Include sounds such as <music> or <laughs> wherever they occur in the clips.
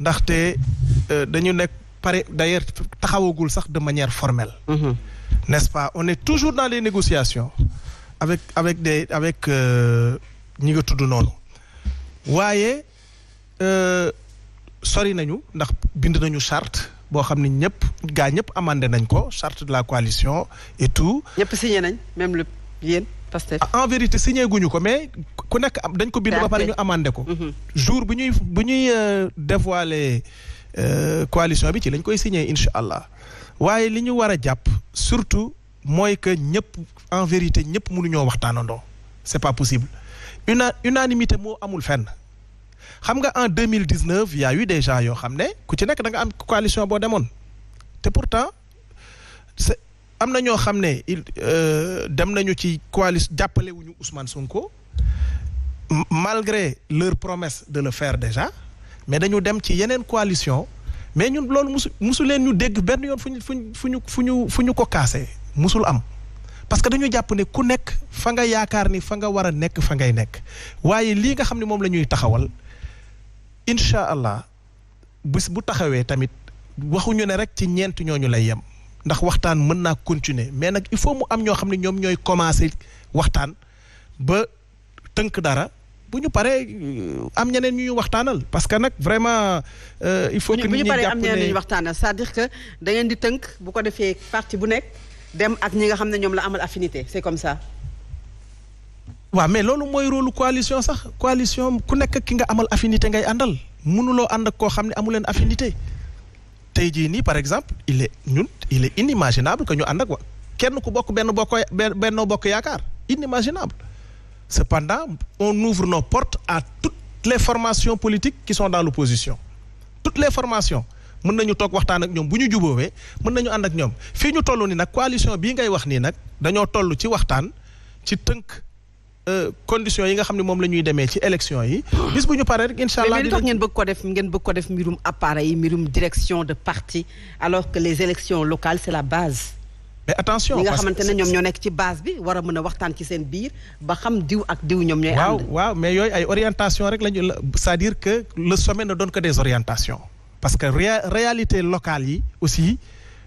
ndaxte euh, dañu nekk pare d'ailleurs taxawagul sax de manière formelle mm-hmm. n'est-ce pas on est toujours dans les négociations avec avec des avec euh, ñi nga tudd noonu waaye euh, sori nañu ndax bind nañu charte boo xam ne ñëpp gaa ñëpp amandé nañ ko charte de la coalition et tout. ñëpp signé nañ même le yéen Pastef. en vérité signé guñu ko mais ku nekk dañ ko bind ba pare ñu amandé ko mhm. jour bu ñuy bu ñuy euh, dévoiler euh, coalition bi ci lañ koy signé incha allah waaye li ñu war a jàpp surtout mooy que ñëpp en vérité ñëpp mënuñoo waxtaanandoo c'est pas possible una unanimité moo amul fenn xam nga en deux mille dix-neuf y a eu yoo xam ne ku ci nekk danga nga am coalition boo demoon te pourtant c'est am na ñoo xam ne il euh, dem nañu ci coalition jàppalewuñu Ousmane Sonko malgré leur promesse de le faire déjà mais dañu dem ci yeneen coalition mais ñun loolu musu musu leen ñu dégg benn yoon fu ñu fu ñu fu ñu fu ñu fu ñu ko kaase musul am parce que dañu jàpp ne ku nekk fa nga yaakaar ni fa nga war a nekk fa ngay nekk waaye lii nga xam ne moom la ñuy taxawal incha allah bis bu taxawee tamit waxuñu ne rek ci ñeent ñooñu lay yem ndax waxtaan mën naa continuer mais nag il faut mu am ñoo xam ne ñoom ñooy commencer waxtaan ba tënk dara bu ñu paree euh, am ñeneen ñu ñu waxtaanal parce que nag vraiment. Euh, il faut que nit ñi ñu paree am ñeneen ñu waxtaanal cest dire que da ngeen di tënk bu ko defee parti bu nekk dem ak ñi nga xam ne ñoom la amal affinité c'est comme ça. waaw mais loolu mooy rôle coalition sax coalition ku nekk ki nga amal affinité ngay àndal mënuloo ànd ak koo xam ne amu leen affinité tey jii nii par exemple il ñun il est inimaginable que ñu ànd ak wa kenn ku bokk benn bokk benn bokk yaakaar inimaginable. Cependant, on ouvre nos portes à toutes les formations politiques qui sont dans l'opposition. Toutes les formations. mën nañu toog waxtaan ak ñoom bu ñu juboowee mën nañu ànd ak ñoom fii ñu toll nii nag coalition bii ngay wax nii nag dañoo toll ci waxtaan ci tënk euh, conditions yi nga xam ne moom la ñuy demee ci élection yi. bis bu ñu paree rek incha allah. mais tax ngeen bëgg ko def ngeen bëgg ko def mbirum appareil mbirum direction de parti alors que les élections locales c'est la base. mais attention ñi nga xamante ne ñoom ñoo nekk ci base bi war a mën a waxtaan ci seen biir ba xam diw ak diw ñoom ñooy ànd waaw mais yooyu ay orientation rek lañu c'est-à-dire que le sommet ne donne des orientations parce que réalité locale yi aussi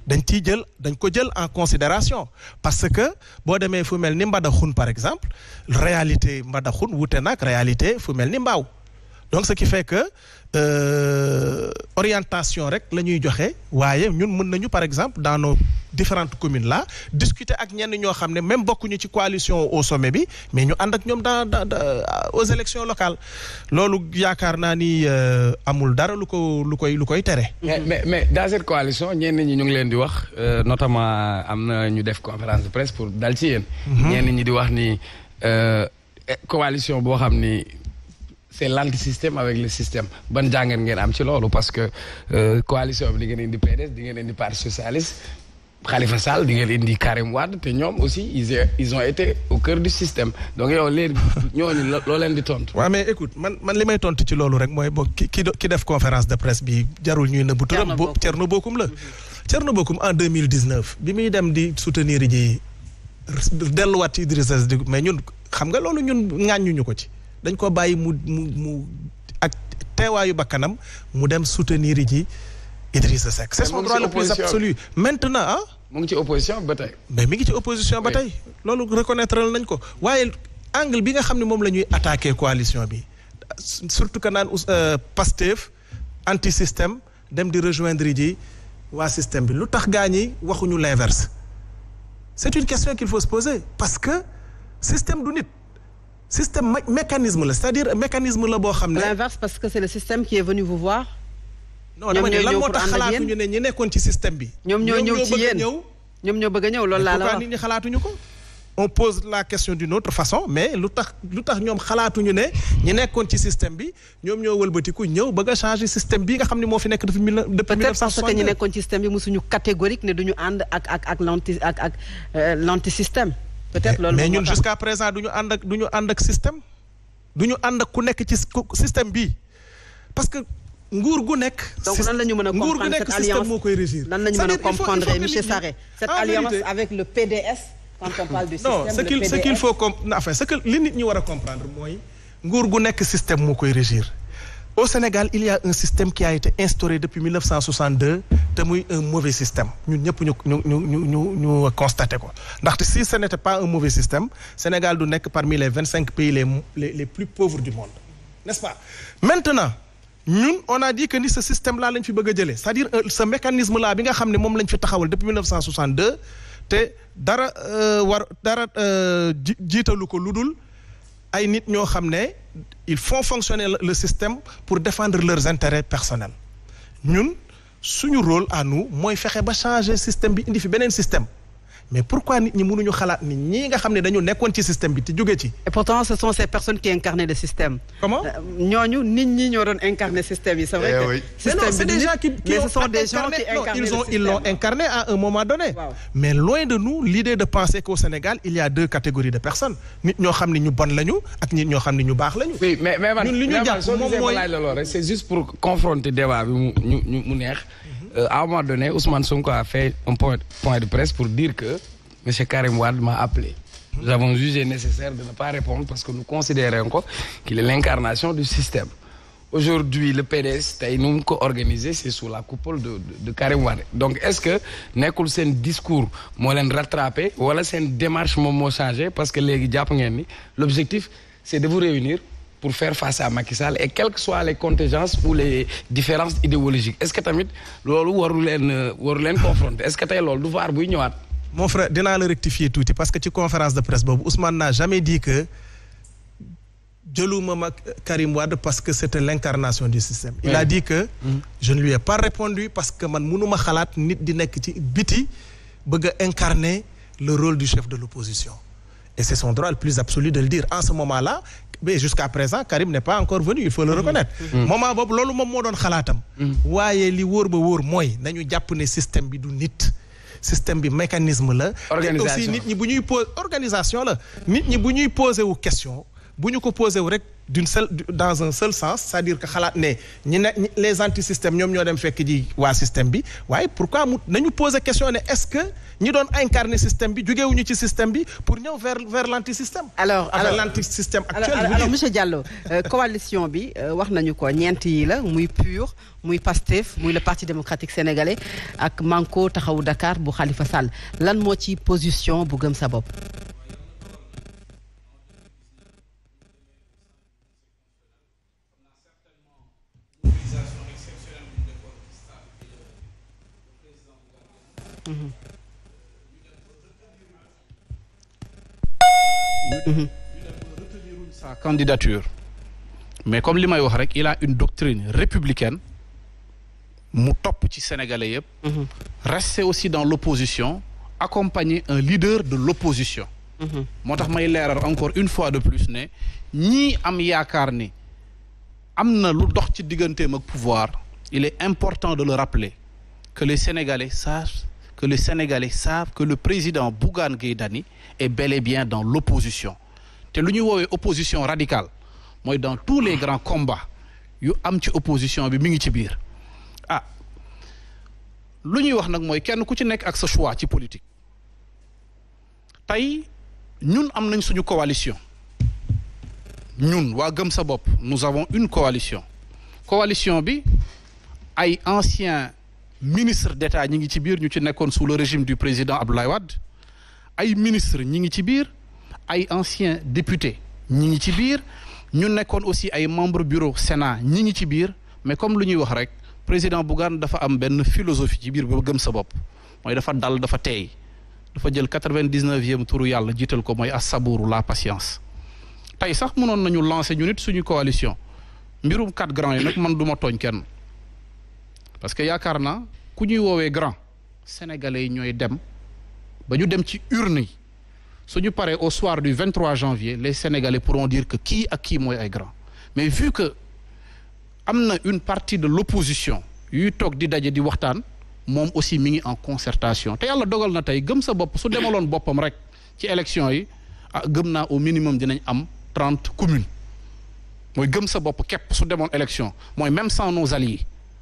dañ ci jël dañ ko jël en considération parce que boo demee fu mel ni Mbadakhoune par exemple réalité Mbadakhoune wute nag réalité fu mel ni Mbao donc ce qui fait que euh, orientation rek la ñuy joxe waaye ñun mën nañu par exemple dans nos différentes communes la discuter ak ñenn ñoo xam ne même bokkuñu ci coalition au sommet bi mais ñu ànd ak ñoom dans aux élections locales loolu yaakaar naa ni euh, amul dara lu ko lu koy lu koy tere. mais mais dans cette coalition ñenn ñi ñu ngi leen di wax euh, notamment am na ñu def conférence de presse pour dal ci yéen. Mhm. ñenn ñi di wax ni coalition boo xam ni. c' est l' antisystème avec le système ban jàngat ngeen am ci loolu parce que euh, coalition bi di ngeen indi PDS di ngeen indi parti socialiste Khalifa Sall di ngeen indi Karim Wade te ñoom aussi ils ils ont été au cœur du système donc yow léegi ñooñu loo leen di tontu. waaw mais écoute man man li may tontu ci loolu rek mooy bo ki ki def conférence de presse bi jarul ñuy nëbbu turam. Thierno Bocoum la Thierno mhm. Bocoum en 2019 bi muy dem di soutenir ji delluwaat ci Idrissa Seck mais ñun xam nga loolu ñun ŋàññuñu ko ci. dañ ko bàyyi mu mu mu ak teewaayu bakkanam mu dem soutenir ji Idrissa Seck c'est son droit le plus absolu maintenant ah mu ngi ba tey mais mi ngi ci opposition ba tey loolu reconnaître nañ ko waaye angle bi nga xam ne moom la ñuy attaquer coalition bi surtout que naan euh, Pastef anti système dem di rejoindre ji waa système bi lu tax gaa ñi waxuñu l'inverse c'est une question qu'il faut se poser parce que système du nit système mécanisme la c'est-à-dire mécanisme la boo xam ne. l'inverse parce que c'est le système qui est venu vous voir. non dama ne lan moo tax xalaatuñu ne ñi nekkoon ci système bi. ñoom ñoo ñëw ci yéen ñoom ñoo bëgg a ñëw loolu laa la wax nit ñi xalaatuñu ko. on pose la question d'une autre façon mais lu tax lu tax ñoom xalaatuñu ne ñu nekkoon ci système bi ñoom ñoo wëlbatiku ñëw bëgg a changer système bi nga xam ne moo fi nekk depuis mille depuis mille neuf cent soixante peut-être parce que ñi nekkoon ci système bi ànd ak ak ak l'anti ak ak euh, l'anti système peut-être eh, loolu mais ñun jusqu'à présent du ñu ànd ak du ñu ak système du ñu ànd ak ku nekk ci système bi parce que nguur gu nekk. donc nan la ñu mën a comprendre cette alliance moo koy régir. nan la ñu mën a comprendre monsieur Sarré cette alliance avec ce qu'il ce qu'il faut com enfin ce que li nit ñi war a comprendre mooy nguur gu nekk système moo koy régir. au Sénégal il y a un système qui a été instauré depuis 1962 te muy un mauvais système ñun ñëpp ñu ñu ñu ñu ñu constaté ko ndaxte si ce n'était pas un mauvais système Sénégal du nekk parmi les vingt cinq pays les les les plus pauvres du monde n'est-ce pas maintenant ñun on a dit que ni ce système là lañ fi bëgg a jëlee c'est-à-dire euh, ce mécanisme là bi nga xam ne moom lañ fi taxawal depuis 1962 te dara euh, war dara euh, jiitalu ko lu dul ay nit ñoo xam ne ils font fonctionner le système pour défendre leurs intérêts personnels ñun suñu rôle à nous mooy fexe ba changer système bi indi fi beneen système mais pourquoi nit ñi mënuñu xalaat nit ñi nga xam ne dañu nekkoon ci système bi te jóge ci. et pourtant ce sont ces personnes qui incarnaient le système. comment euh, ñooñu nit ñi ñoo doon incarner système yi c'est vrai eh que. système bi nit mais ce sont des gens qui incarnent le système ils l'ont à un moment donné. mais loin de nous l'idée de penser qu'au Sénégal il y a deux catégories de personnes nit ñoo xam ne ñu bon lañu ak nit ñoo xam ne ñu baax lañu. oui mais mais man ñun li ñu jàpp moom confronter débat bi mu neex. euh, à un moment donné, Ousmane Sonko a fait un point, point de presse pour dire que M. Karim Wad m'a appelé. Nous avons jugé nécessaire de ne pas répondre parce que nous considérons encore qu'il est l'incarnation du système. Aujourd'hui, le PDS, Taïnoum, organisé, c'est sous la coupole de, de, de Karim Wade. Donc, est-ce que Nekul sen discours, moi, rattrapé, wala alors c'est une démarche, moi, changé, parce que les l'objectif, c'est de vous réunir pour faire face à Macky Sall et quelles que soient les contingences ou les différences idéologiques est-ce que tamit loolu waru leen waru leen confronter est-ce que tey loolu du vaar buy ñëwaat. mon frère dinaa la rectifier tuuti parce que ci conférence de presse boobu Ousmane n'a jamais dit que jëluma ma Karim Wade parce que c'était l'incarnation du système. il oui. a dit que. Mm -hmm. je ne lui ai pas répondu parce que man mënuma xalaat nit di nekk ci biti bëgg a incarner le rôle du chef de l'opposition et c'est son droit le plus absolu de le dire en ce moment-là mais jusqu'à présent Karim n'est pas encore venu il faut le mm-hmm. reconnaître mm-hmm. moment boobu loolu moom moo doon xalaatam mm-hmm. waaye li wóor ba wóor mooy nañu jàpp ne système bi du nit système bi mécanisme la nit ñi bu ñuy pose organisation la nit ñi bu ñuy posé wu question bu ñu ko posé wu rek d'une seule dans un seul sens c'est-à-dire que xalaat ne ñi ne les antisystèmes ñoom ñoo dem fekk ji waa système bi waaye pourquoi mu nañu poser question ne est-ce que ñi doon incarner système bi jógewuñu ci système bi pour ñëw vers vers l'antisystème alors alors l'antisystème actuel alors, alors, alors monsieur Diallo euh, <laughs> coalition bi euh, wax nañu ko ñeenti la muy PUR muy PASTEF muy le parti démocratique sénégalais ak Manko taxawu Dakar bu Khalifa Sall lan moo ci position bu gëm sa bopp sa candidature mais comme li may wax rek il a une doctrine républicaine mu topp ci sénégalais yëpp mhm. rester aussi dans l'opposition accompagner un leader de l'opposition mhm. moo tax may leeral encore une fois de plus ne ñii am yaakaar ni am na lu dox ci digganteem ak pouvoir il est important de le rappeler que les sénégalais sachent que les Sénégalais savent que le président Bougane Gueye Dany est bel et bien dans l'opposition te lu ñuy woowee opposition radicale mooy dans tous les grands combats yu am ci opposition bi mu ngi ci biir ah lu ñuy wax nag mooy kenn ku ci nekk ak sa choix ci politique tey ñun am nañ suñu coalition ñun waa gëm sa bopp nous avons une coalition coalition bi ay anciens ministre d'État ñi ngi ci biir ñu ci nekkoon sous le régime du président Abdoulaye Wade ay ministre ñi ngi ci biir ay anciens député ñi ngi ci biir ñu nekkoon aussi ay membre bureau Sénat ñi ngi ci biir mais comme lu ñuy wax rek président Bougane dafa am benn philosophie ci biir ba gëm sa bopp mooy dafa dal dafa teey dafa jël quatre-vingt-dix-neuvième turu yàlla jiital ko mooy asaburu la patience tey sax mënoon nañu lancer ñu nit suñu coalition mbirum quatre grands yi nag man du ma tooñ kenn parce que yaakaar na ku ñuy woowee grand sénégalais yi ñooy dem ba ñu dem ci urne yi suñu paree au soir du 23 janvier les sénégalais pourront dire que kii ak kii mooy ay grand mais vu que am na une partie de l'opposition yuy toog di daje di waxtaan moom aussi mi ngi en concertation te yàlla dogal na tey gëm sa bopp su demaloon boppam rek ci élection yi ah gëm naa au minimum dinañ am trente communes mooy gëm sa bopp képp su demoon élection mooy même sans nos alliés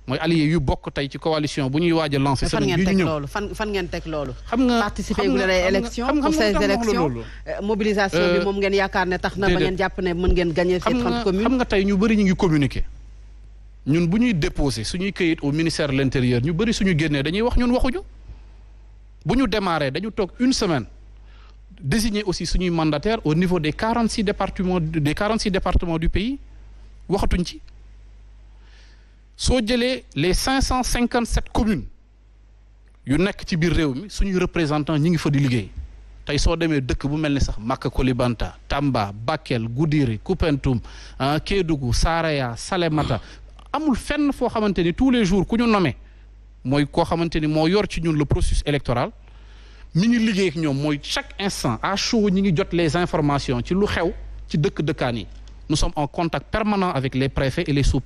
mooy allié yu bokk tey ci coalition bu ñuy waaj a lancé. semaine bii ñu ñëw fan fan ngeen teg loolu. xam nga participer gu leen ay élections pour ces élections euh, mobilisation bi euh, moom ngeen yaakaar ne tax na ba ngeen jàpp ne mën ngeen gagné. ces trente xam nga tey ñu bëri ñu ngi communiqué. ñun bu ñuy déposé suñuy kayit au ministère de l' intérieur ñu bëri suñu génnee dañuy wax ñun waxuñu. bu ñu démarré dañu toog une semaine. désigner aussi suñuy mandataire au niveau des quarante six départements des quarante six départements du pays waxatuñ ci. soo jëlee les cinq cent cinquante sept communes yu nekk ci biir réew mi suñuy représentant ñi ngi fa di liggéey tey soo demee dëkk bu mel ni sax Makka Kolibanta Tamba Bakel Goudiri Koupentoum ah, Kédougou Saraya Salemata amul fenn foo xamante ni tous les jours ku ñu nommé mooy koo xamante ni moo yor ci ñun le processus électoral mi ngi liggéey ak ñoom mooy chaque instant à chaud ñi ngi jot les informations ci lu xew ci dëkk dëkkaan yi nu sommes en contact permanent avec les préfets les sous